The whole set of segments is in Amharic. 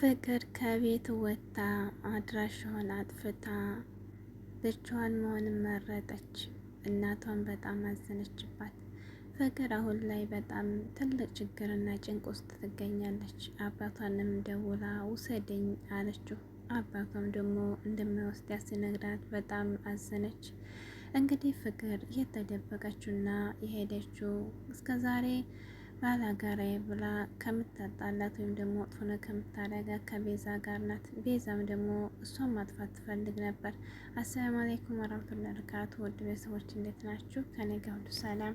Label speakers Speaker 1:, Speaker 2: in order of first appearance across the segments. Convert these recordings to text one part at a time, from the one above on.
Speaker 1: ፍቅር ከቤት ወጥታ አድራሻዋን አጥፍታ ብቻዋን መሆን መረጠች። እናቷን በጣም አዘነችባት። ፍቅር አሁን ላይ በጣም ትልቅ ችግርና ጭንቅ ውስጥ ትገኛለች። አባቷንም ደውላ ውሰደኝ አለችው። አባቷም ደግሞ እንደማይወስድ ሲነግራት በጣም አዘነች። እንግዲህ ፍቅር የተደበቀችውና የሄደችው እስከዛሬ ባላጋራዬ ብላ ከምታጣላት ወይም ደግሞ መጥፎ ነገር ከምታደርጋት ከቤዛ ጋር ናት። ቤዛም ደግሞ እሷን ማጥፋት ትፈልግ ነበር። አሰላሙ አለይኩም ወራህመቱላሂ ወበረካቱ ውድ ቤተሰቦች እንዴት ናችሁ? ከኔ ጋር ሁሉ ሰላም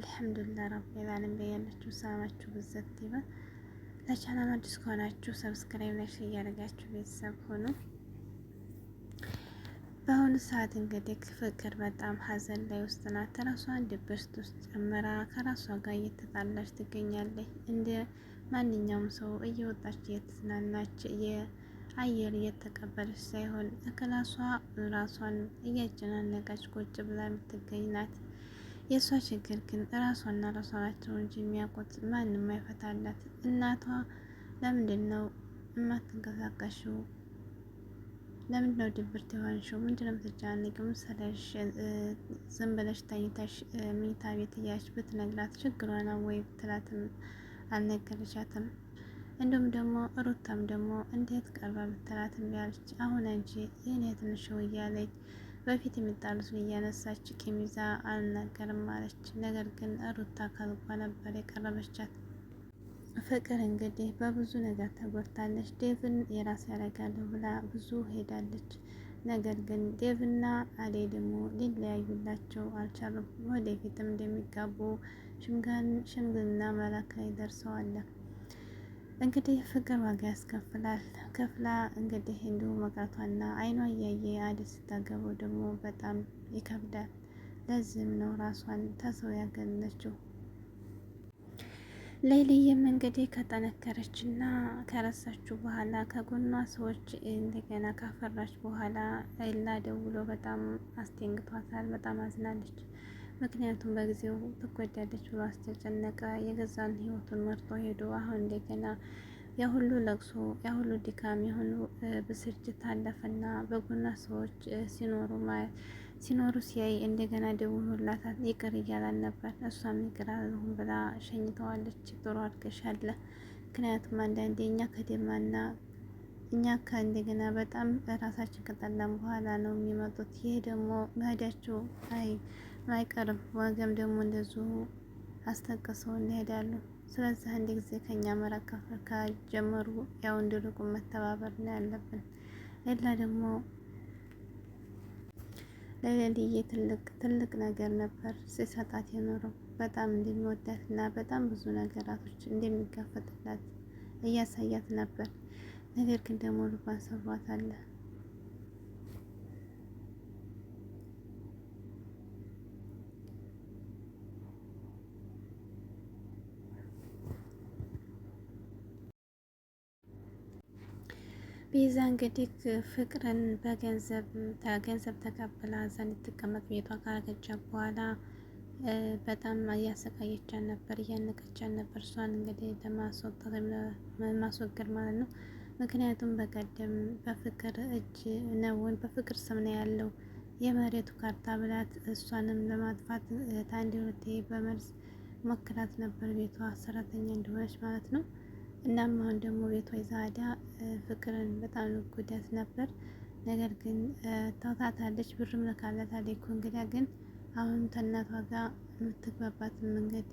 Speaker 1: አልሐምዱሊላህ ረቢል ዓለም በያላችሁ ሰላማችሁ ብዘት ይበል። ለቻናሉ አዲስ ከሆናችሁ ሰብስክራይብ፣ ላይክ እያደረጋችሁ ቤተሰብ ሆኑ። በአሁኑ ሰዓት እንግዲህ ፍቅር በጣም ሀዘን ላይ ውስጥ ናት። ራሷን ድብርት ውስጥ ጨምራ ከራሷ ጋር እየተጣላች ትገኛለች። እንደ ማንኛውም ሰው እየወጣች እየተዝናናች አየር እየተቀበለች ሳይሆን ከክላሷ ራሷን እያጨናነቀች ቁጭ ብላ የምትገኝ ናት። የእሷ ችግር ግን ራሷና ራሷ ናቸው እንጂ የሚያውቁት ማንም አይፈታላት። እናቷ ለምንድን ነው የማትንቀሳቀሽው ለምንድ ነው ድብርት የሆንሽው? ምንድ ነው የምትጨናነቂው? ምሳሌሽ ዝም ብለሽ ተኝተሽ መኝታ ቤት እያልሽ ብትነግራት ችግሯ ነው ወይ ብትላትም አልነገረቻትም። እንዲሁም ደግሞ ሩታም ደግሞ እንዴት ቀርባ ብትላት እምቢ አለች። አሁን አንቺ የኔ እያለች በፊት የሚጣሉትን እያነሳች ቂም ይዛ አልናገርም አለች። ነገር ግን ሩታ ከልቧ ነበር የቀረበቻት። ፍቅር እንግዲህ በብዙ ነገር ተጎድታለች። ዴቭን የራስ ያደርጋለሁ ብላ ብዙ ሄዳለች። ነገር ግን ዴቭና አዴ ደግሞ ሊለያዩላቸው አልቻሉም። ወደፊትም እንደሚጋቡ ሽምግልና መላክ ላይ ደርሰዋል። እንግዲህ ፍቅር ዋጋ ያስከፍላል። ከፍላ እንግዲህ እንዲሁ መቅረቷና አይኗ እያየ አዴ ስታገበው ደግሞ በጣም ይከብዳል። ለዚህም ነው ራሷን ተሰው ያገለችው። ሌሊዬም እንግዲህ ከጠነከረችና ከረሳችሁ በኋላ ከጎኗ ሰዎች እንደገና ካፈራች በኋላ ኤላ ደውሎ በጣም አስቴንግቷታል። በጣም አዝናለች። ምክንያቱም በጊዜው ትጎዳለች ብሎ አስተጨነቀ። የገዛን ህይወቱን መርጦ ሄዶ አሁን እንደገና ያሁሉ ለቅሶ ያሁሉ ድካም የሆኑ ብስጭት አለፈና በጎኗ ሰዎች ሲኖሩ ማየት ሲኖሩ ሲያይ እንደገና ደውሎላታል። ይቅር እያላል ነበር። እሷም ይቅር አልሁም ብላ ሸኝተዋለች። ጥሩ አድገሻለ። ምክንያቱም አንዳንዴ እኛ ከደማና እኛ ከእንደገና በጣም ራሳችን ከጠላም በኋላ ነው የሚመጡት። ይህ ደግሞ መሄዳቸው አይ አይቀርም። ወገም ደግሞ እንደዚሁ አስጠቅሰው እንሄዳሉ። ስለዚህ አንድ ጊዜ ከኛ መረከፍ ከጀመሩ ያው እንድልቁ መተባበር ነው ያለብን። ሌላ ደግሞ ለሌሊዬ ትልቅ ትልቅ ነገር ነበር ሲሰጣት የኖረው በጣም እንደሚወዳት እና በጣም ብዙ ነገራቶች እንደሚጋፈጥላት እያሳያት ነበር። ነገር ግን ደግሞ ልቧን ሰብሯታል። ቤዛ እንግዲህ ፍቅርን በገንዘብ ገንዘብ ተቀብላ እዛ እንድትቀመጥ ቤቷ ካረገቻ በኋላ በጣም እያሰቃየቻን ነበር፣ እያነቀቻን ነበር። እሷን እንግዲህ ለማስወገድ ማለት ነው። ምክንያቱም በቀደም በፍቅር እጅ ነውን በፍቅር ስም ነው ያለው የመሬቱ ካርታ ብላት እሷንም ለማጥፋት ታንድ ሁለቴ በመርዝ ሞክራት ነበር። ቤቷ ሰራተኛ እንደሆነች ማለት ነው። እናም አሁን ደግሞ ቤቷ ይዛ ሄዳ ፍቅርን በጣም ልትጎዳት ነበር። ነገር ግን ተውታታለች፣ ብርም ልካላታለች እኮ እንግዲያ ግን አሁን ከእናቷ ጋር የምትግባባት መንገድ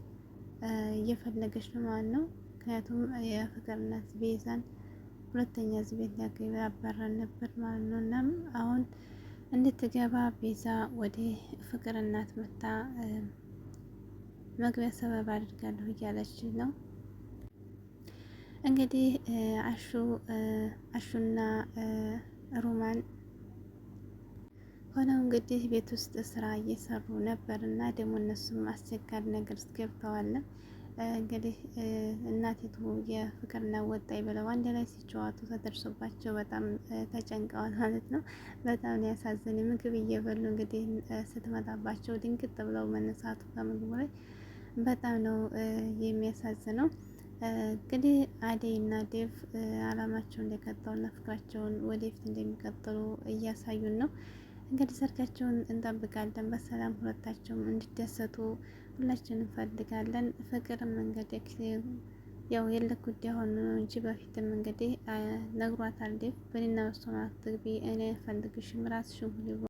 Speaker 1: እየፈለገች ነው ማለት ነው። ምክንያቱም የፍቅር እናት ቤዛን ሁለተኛ እዚህ ቤት ያባራን ነበር ማለት ነው። እናም አሁን እንድትገባ ቤዛ ወደ ፍቅር እናት መታ መግቢያ ሰበብ አድርጋለሁ እያለች ነው እንግዲህ አሹ አሹና ሩማን ሆነው እንግዲህ ቤት ውስጥ ስራ እየሰሩ ነበር እና ደግሞ እነሱም አስቸጋሪ ነገር ውስጥ ገብተዋል። እንግዲህ እናቲቱ የፍቅርና ወጣይ ብለው አንድ ላይ ሲጫወቱ ተደርሶባቸው በጣም ተጨንቀዋል ማለት ነው። በጣም ነው ያሳዝን። ምግብ እየበሉ እንግዲህ ስትመጣባቸው ድንግጥ ብለው መነሳቱ ከምግቡ ላይ በጣም ነው የሚያሳዝነው። እንግዲህ አደይ እና ዴቭ አላማቸውን እና ፍቅራቸውን ወደፊት እንደሚቀጥሉ እያሳዩን ነው። እንግዲህ ሰርጋቸውን እንጠብቃለን። በሰላም ሁለታቸውም እንዲደሰቱ ሁላችን እንፈልጋለን። ፍቅር መንገድ ያው የልክ ጉዳይ ሆኖ ነው እንጂ በፊትም እንግዲህ ነግሯታል ዴቭ በኔና በሷ መሀል እኔ ፈልግሽም ራስሽም ሁኚ